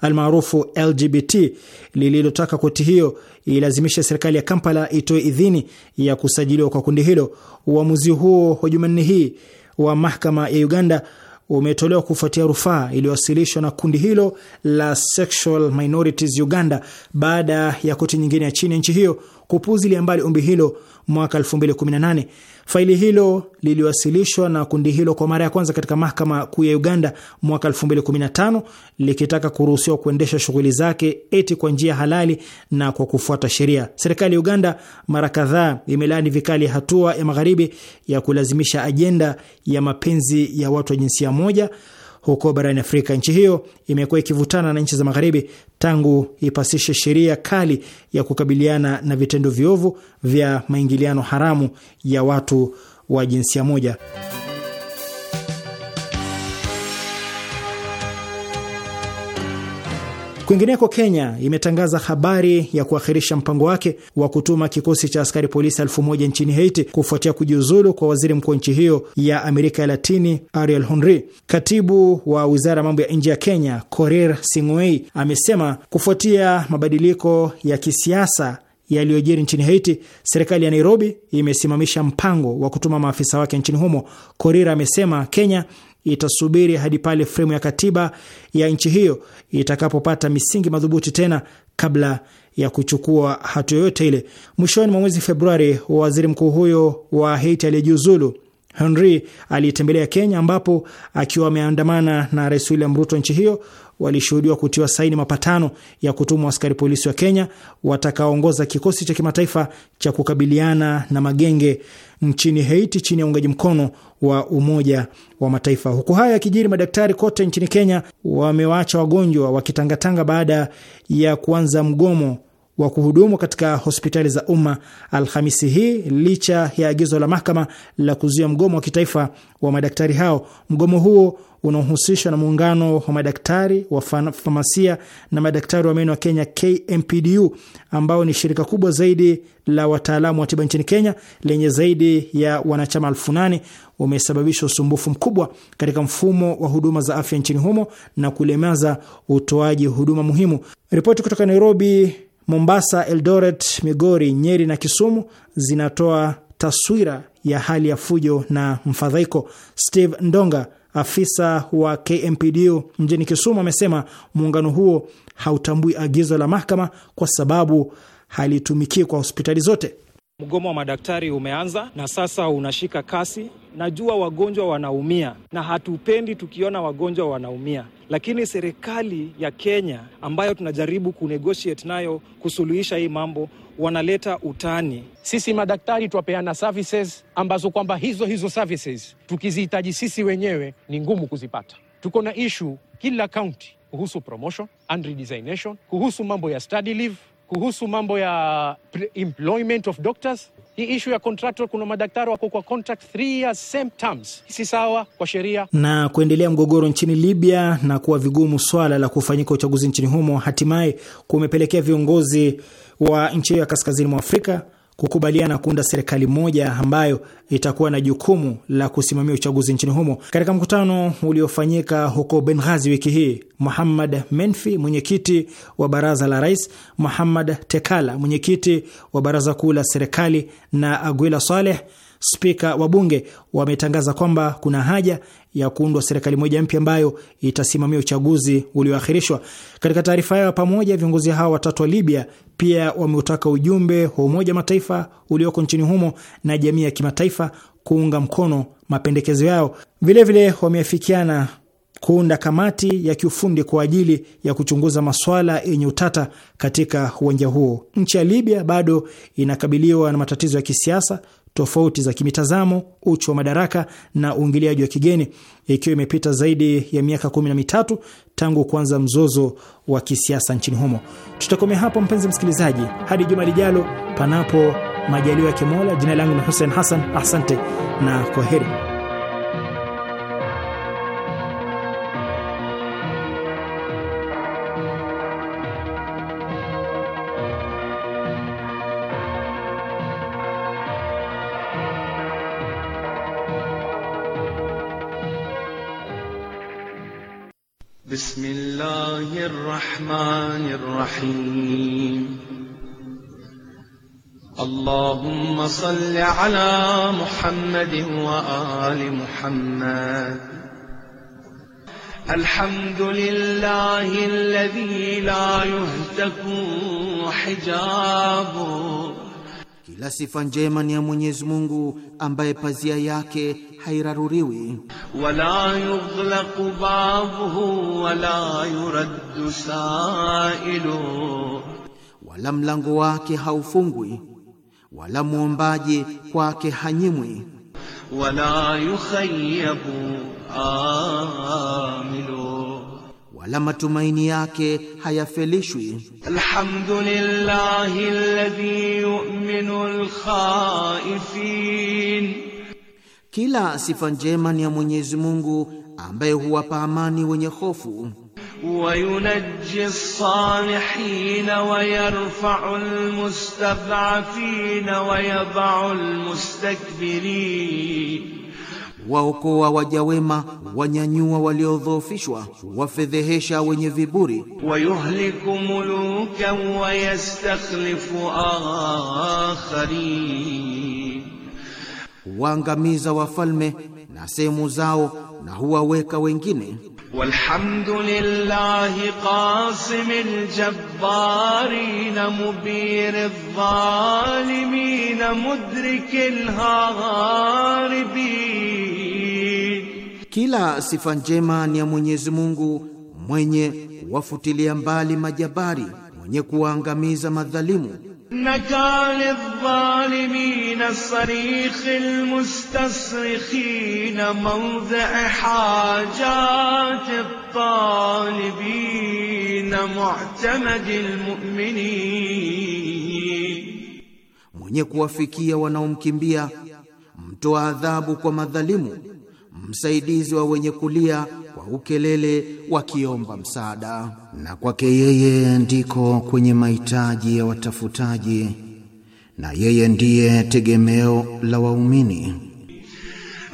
almaarufu LGBT lililotaka koti hiyo ilazimisha serikali ya Kampala itoe idhini ya kusajiliwa kwa kundi hilo. Uamuzi huo wa Jumanne hii wa mahakama ya Uganda umetolewa kufuatia rufaa iliyowasilishwa na kundi hilo la Sexual Minorities Uganda baada ya koti nyingine ya chini ya nchi hiyo kupuzilia mbali ombi hilo mwaka 2018. Faili hilo liliwasilishwa na kundi hilo kwa mara ya kwanza katika mahakama kuu ya Uganda mwaka 2015 likitaka kuruhusiwa kuendesha shughuli zake eti kwa njia halali na kwa kufuata sheria. Serikali ya Uganda mara kadhaa imelaani vikali hatua ya magharibi ya kulazimisha ajenda ya mapenzi ya watu wa jinsia moja huko barani Afrika. Nchi hiyo imekuwa ikivutana na nchi za magharibi tangu ipasishe sheria kali ya kukabiliana na vitendo viovu vya maingiliano haramu ya watu wa jinsia moja. Kwingineko, Kenya imetangaza habari ya kuakhirisha mpango wake wa kutuma kikosi cha askari polisi elfu moja nchini Haiti kufuatia kujiuzulu kwa waziri mkuu nchi hiyo ya Amerika ya Latini, Ariel Henry. Katibu wa wizara ya mambo ya nje ya Kenya, Korir Sing'oei, amesema kufuatia mabadiliko ya kisiasa yaliyojiri nchini Haiti, serikali ya Nairobi imesimamisha mpango wa kutuma maafisa wake nchini humo. Korir amesema Kenya itasubiri hadi pale fremu ya katiba ya nchi hiyo itakapopata misingi madhubuti tena kabla ya kuchukua hatua yoyote ile. Mwishoni mwa mwezi Februari, waziri mkuu huyo wa Haiti aliyejiuzulu Henry alitembelea Kenya, ambapo akiwa ameandamana na Rais William Ruto nchi hiyo walishuhudiwa kutiwa saini mapatano ya kutumwa askari polisi wa Kenya watakaoongoza kikosi cha kimataifa cha kukabiliana na magenge nchini Haiti chini ya uungaji mkono wa Umoja wa Mataifa. Huku haya yakijiri, madaktari kote nchini Kenya wamewaacha wagonjwa wakitangatanga baada ya kuanza mgomo wa kuhudumu katika hospitali za umma Alhamisi hii licha ya agizo la mahakama la kuzuia mgomo wa kitaifa wa madaktari hao. Mgomo huo unaohusishwa na muungano wa madaktari wa famasia na madaktari wa meno wa Kenya, KMPDU, ambao ni shirika kubwa zaidi la wataalamu wa tiba nchini Kenya lenye zaidi ya wanachama elfu nane umesababisha usumbufu mkubwa katika mfumo wa huduma za afya nchini humo na kulemaza utoaji huduma muhimu. Ripoti kutoka Nairobi Mombasa, Eldoret, Migori, Nyeri na Kisumu zinatoa taswira ya hali ya fujo na mfadhaiko. Steve Ndonga, afisa wa KMPDU mjini Kisumu, amesema muungano huo hautambui agizo la mahakama kwa sababu halitumikii kwa hospitali zote. Mgomo wa madaktari umeanza na sasa unashika kasi. Najua wagonjwa wanaumia na hatupendi tukiona wagonjwa wanaumia, lakini serikali ya Kenya ambayo tunajaribu kunegotiate nayo kusuluhisha hii mambo wanaleta utani. Sisi madaktari twapeana services ambazo kwamba hizo hizo services tukizihitaji sisi wenyewe ni ngumu kuzipata. Tuko na ishu kila kaunti kuhusu promotion and redesignation, kuhusu mambo ya study leave kuhusu mambo ya employment of doctors. Hii ishu ya contractor, kuna madaktari wako kwa contract three years same terms, si sawa kwa sheria. Na kuendelea mgogoro nchini Libya na kuwa vigumu swala la kufanyika uchaguzi nchini humo, hatimaye kumepelekea viongozi wa nchi hiyo ya kaskazini mwa Afrika kukubaliana kuunda serikali moja ambayo itakuwa na jukumu la kusimamia uchaguzi nchini humo. Katika mkutano uliofanyika huko Benghazi wiki hii, Muhammad Menfi, mwenyekiti wa baraza la rais, Muhammad Tekala, mwenyekiti wa baraza kuu la serikali, na Aguila Saleh, spika wa bunge, wametangaza kwamba kuna haja ya kuundwa serikali moja mpya ambayo itasimamia uchaguzi ulioahirishwa. Katika taarifa yao ya pamoja, viongozi hao watatu wa Libya pia wameutaka ujumbe wa Umoja Mataifa ulioko nchini humo na jamii ya kimataifa kuunga mkono mapendekezo yao. Vilevile wameafikiana kuunda kamati ya kiufundi kwa ajili ya kuchunguza maswala yenye utata katika uwanja huo. Nchi ya Libya bado inakabiliwa na matatizo ya kisiasa tofauti za kimitazamo, uchu wa madaraka na uingiliaji wa kigeni, ikiwa imepita zaidi ya miaka kumi na mitatu tangu kuanza mzozo wa kisiasa nchini humo. Tutakomea hapo mpenzi msikilizaji, hadi juma lijalo, panapo majaliwa ya Kimola. Jina langu ni Hussein Hassan, asante na kwa heri الرحمن الرحيم اللهم صل على محمد وآل محمد الحمد لله الذي لا يهتك حجابه ila sifa njema ni ya Mwenyezi Mungu ambaye pazia yake hairaruriwi, wala yughlaqu babuhu wala yuraddu sailu, wala mlango wake haufungwi wala mwombaji kwake hanyimwi, wala yukhayyabu amilu wala matumaini yake hayafelishwi. Alhamdulillahi alladhi yu'minu alkhaifin, kila sifa njema ni ya Mwenyezi Mungu ambaye huwapa amani wenye hofu. Wayunajji as-salihin wa yarfa'u al-mustad'afin wa yadh'u al-mustakbirin waokoa wajawema wanyanyua waliodhoofishwa, wafedhehesha wenye viburi. Wayuhliku muluka wa yastakhlifu waangamiza wafalme na sehemu zao na huwaweka wengine والحمد لله قاسم الجبارين مبير الظالمين مدرك الهاربين Kila sifa njema ni ya Mwenyezi Mungu mwenye wafutilia mbali majabari mwenye kuwaangamiza madhalimu نكال الظالمين الصريخ المستصرخين موضع حاجات الطالبين معتمد المؤمنين mwenye kuwafikia wanaomkimbia mtoa adhabu kwa madhalimu msaidizi wa wenye kulia kwa ukelele wakiomba msaada, na kwake yeye ndiko kwenye mahitaji ya watafutaji, na yeye ndiye tegemeo la waumini.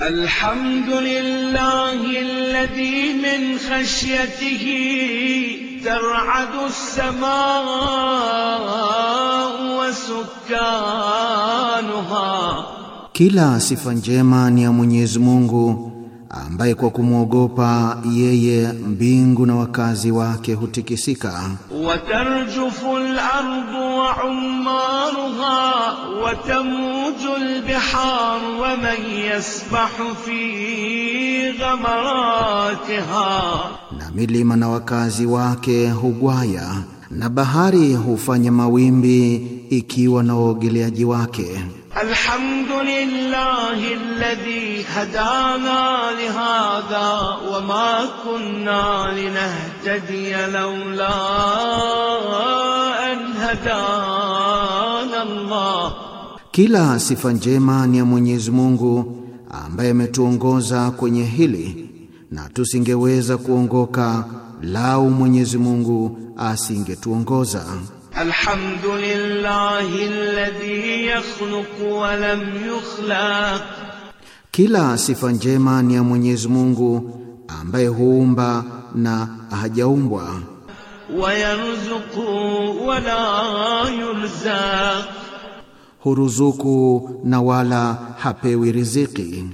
Alhamdulillahi alladhi min khashyatihi tar'adu as samaau wa sukanuha, kila sifa njema ni ya Mwenyezi Mungu ambaye kwa kumwogopa yeye mbingu na wakazi wake hutikisika. watarjufu al wa umaruha wa tamuju al wa man yasbahu fi ghamaratiha, na milima na wakazi wake hugwaya na bahari hufanya mawimbi ikiwa na waogeleaji wake. الحمد لله الذي هدانا لهذا وما كنا لنهتدي لولا أن هدانا الله Kila sifa njema ni ya Mwenyezi Mungu ambaye ametuongoza kwenye hili na tusingeweza kuongoka lau Mwenyezi Mungu asingetuongoza. الحمد لله الذي يخلق ولم يخلق yukhlaq, kila sifa njema ni ya Mwenyezi Mungu ambaye huumba na hajaumbwa. Wayarzuqu wala la yurzaq, huruzuku na wala hapewi riziki.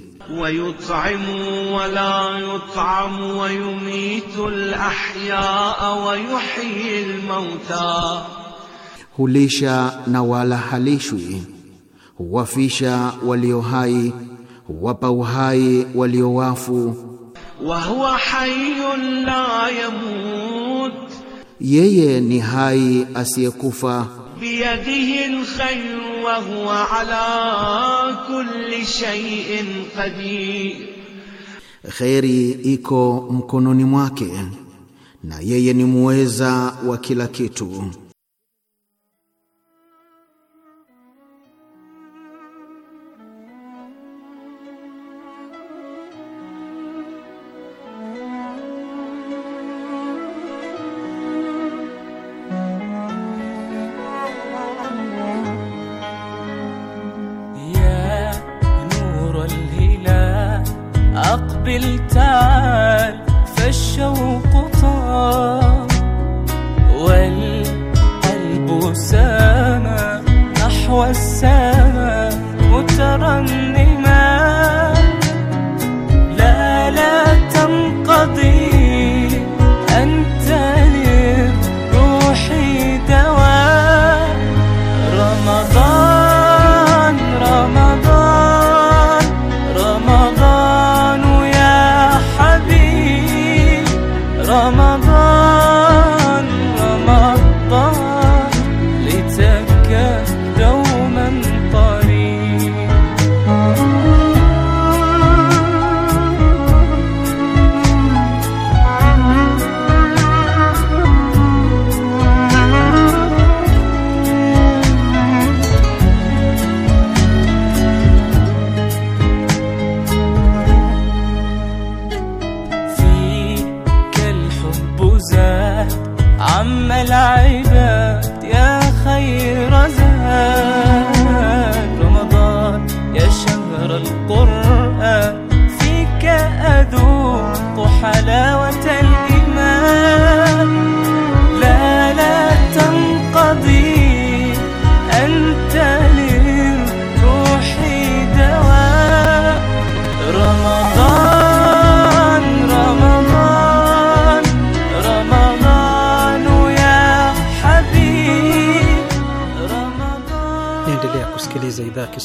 Wayut'imu wala yut'amu, wayumitu al-ahyaa wa yuhyi al-mautaa hulisha na wala halishwi, huwafisha walio hai, huwapa uhai walio wafu. Wa huwa hayyun la yamut, yeye ni hai asiyekufa. Biyadihi alkhayr wa huwa ala kulli shay'in qadir, kheri iko mkononi mwake na yeye ni muweza wa kila kitu. بالتعال فالشوق طال والقلب سامى نحو السماء مترنم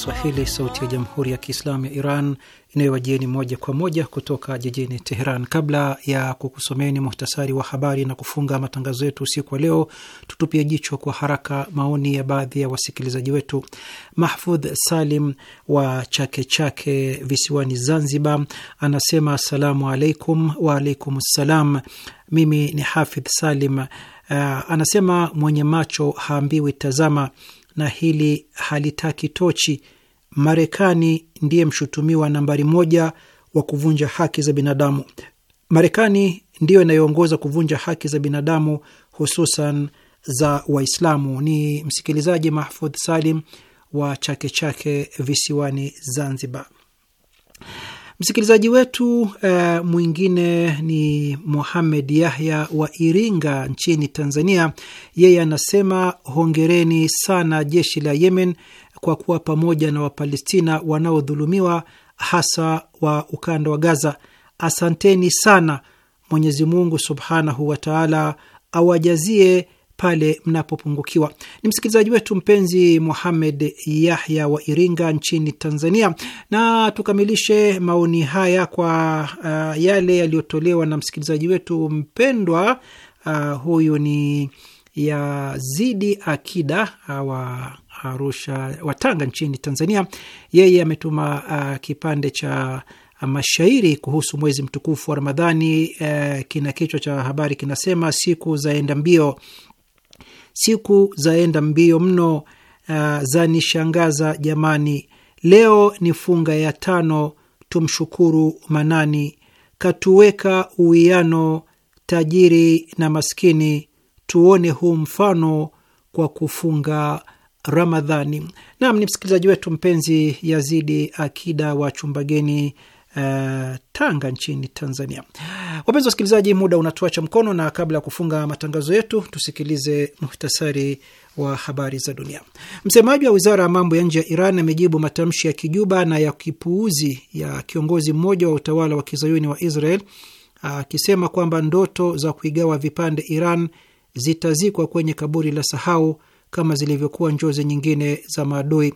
Kiswahili, sauti ya jamhuri ya kiislamu ya Iran inayowajieni moja kwa moja kutoka jijini Teheran. Kabla ya kukusomeni muhtasari wa habari na kufunga matangazo yetu usiku wa leo, tutupie jicho kwa haraka maoni ya baadhi ya wasikilizaji wetu. Mahfudh Salim wa Chake Chake visiwani Zanzibar anasema assalamu alaikum. Waalaikum ssalam. Mimi ni Hafidh Salim. Uh, anasema mwenye macho haambiwi tazama, na hili halitaki tochi Marekani ndiye mshutumiwa nambari moja wa kuvunja haki za binadamu. Marekani ndiyo inayoongoza kuvunja haki za binadamu hususan za Waislamu. Ni msikilizaji Mahfudh Salim wa Chake Chake visiwani Zanzibar. Msikilizaji wetu e, mwingine ni Muhamed Yahya wa Iringa nchini Tanzania. Yeye anasema hongereni sana jeshi la Yemen kwa kuwa pamoja na Wapalestina wanaodhulumiwa hasa wa ukanda wa Gaza. Asanteni sana. Mwenyezi Mungu subhanahu wa taala awajazie pale mnapopungukiwa. Ni msikilizaji wetu mpenzi Muhamed Yahya wa Iringa nchini Tanzania. Na tukamilishe maoni haya kwa uh, yale yaliyotolewa na msikilizaji wetu mpendwa uh, huyu ni Yazidi Akida wa Arusha, Watanga nchini Tanzania. Yeye ametuma uh, kipande cha mashairi kuhusu mwezi mtukufu wa Ramadhani. Uh, kina kichwa cha habari kinasema siku zaenda mbio, siku zaenda mbio mno, uh, zanishangaza jamani, leo ni funga ya tano, tumshukuru Manani, katuweka uwiano tajiri na maskini, tuone huu mfano kwa kufunga Ramadhani. Naam, ni msikilizaji wetu mpenzi Yazidi Akida wa Chumbageni, Uh, eh, Tanga nchini Tanzania. Wapenzi wa wasikilizaji, muda unatuacha mkono, na kabla ya kufunga matangazo yetu tusikilize muhtasari wa habari za dunia. Msemaji wa wizara ya mambo ya nje ya Iran amejibu matamshi ya kijuba na ya kipuuzi ya kiongozi mmoja wa utawala wa kizayuni wa Israel akisema uh, kwamba ndoto za kuigawa vipande Iran zitazikwa kwenye kaburi la sahau kama zilivyokuwa njozi nyingine za maadui.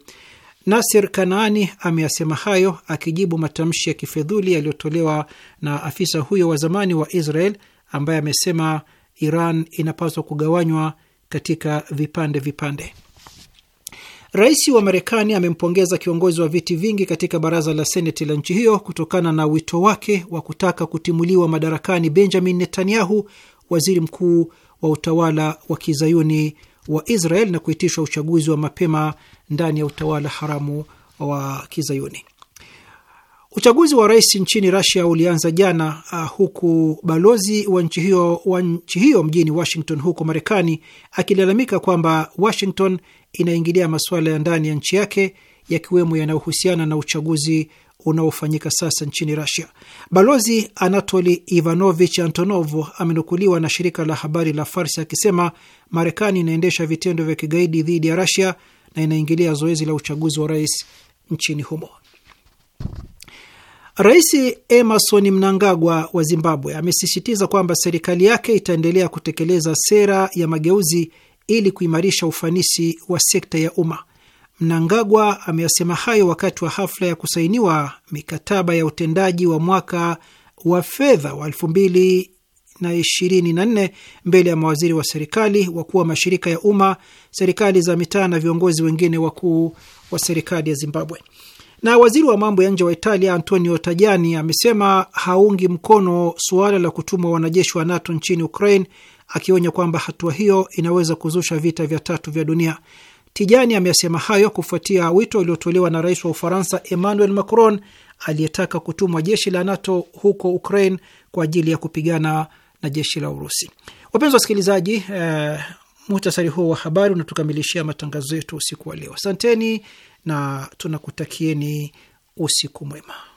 Nasir Kanaani ameyasema hayo akijibu matamshi ya kifedhuli yaliyotolewa na afisa huyo wa zamani wa Israel ambaye amesema Iran inapaswa kugawanywa katika vipande vipande. Rais wa Marekani amempongeza kiongozi wa viti vingi katika baraza la seneti la nchi hiyo kutokana na wito wake wa kutaka kutimuliwa madarakani Benjamin Netanyahu, waziri mkuu wa utawala wa kizayuni wa Israel na kuitisha uchaguzi wa mapema ndani ya utawala haramu wa Kizayuni. Uchaguzi wa rais nchini Russia ulianza jana, uh, huku balozi wa nchi hiyo wa nchi hiyo mjini Washington huko Marekani akilalamika kwamba Washington inaingilia masuala ya ndani ya nchi yake yakiwemo yanayohusiana na uchaguzi unaofanyika sasa nchini rasia Balozi Anatoli Ivanovich Antonov amenukuliwa na shirika la habari la Farsi akisema Marekani inaendesha vitendo vya kigaidi dhidi ya rasia na inaingilia zoezi la uchaguzi wa rais nchini humo. Rais Emerson Mnangagwa wa Zimbabwe amesisitiza kwamba serikali yake itaendelea kutekeleza sera ya mageuzi ili kuimarisha ufanisi wa sekta ya umma. Mnangagwa ameyasema hayo wakati wa hafla ya kusainiwa mikataba ya utendaji wa mwaka wa fedha wa 2024 mbele ya mawaziri wa serikali, wakuu wa mashirika ya umma, serikali za mitaa na viongozi wengine wakuu wa serikali ya Zimbabwe. Na waziri wa mambo ya nje wa Italia Antonio Tajani amesema haungi mkono suala la kutumwa wanajeshi wa NATO nchini Ukraine, akionya kwamba hatua hiyo inaweza kuzusha vita vya tatu vya dunia. Tijani amesema hayo kufuatia wito uliotolewa na rais wa Ufaransa Emmanuel Macron aliyetaka kutumwa jeshi la NATO huko Ukraine kwa ajili ya kupigana na jeshi la Urusi. Wapenzi wasikilizaji, eh, muhtasari huo wa habari unatukamilishia matangazo yetu usiku wa leo. Asanteni na tunakutakieni usiku mwema.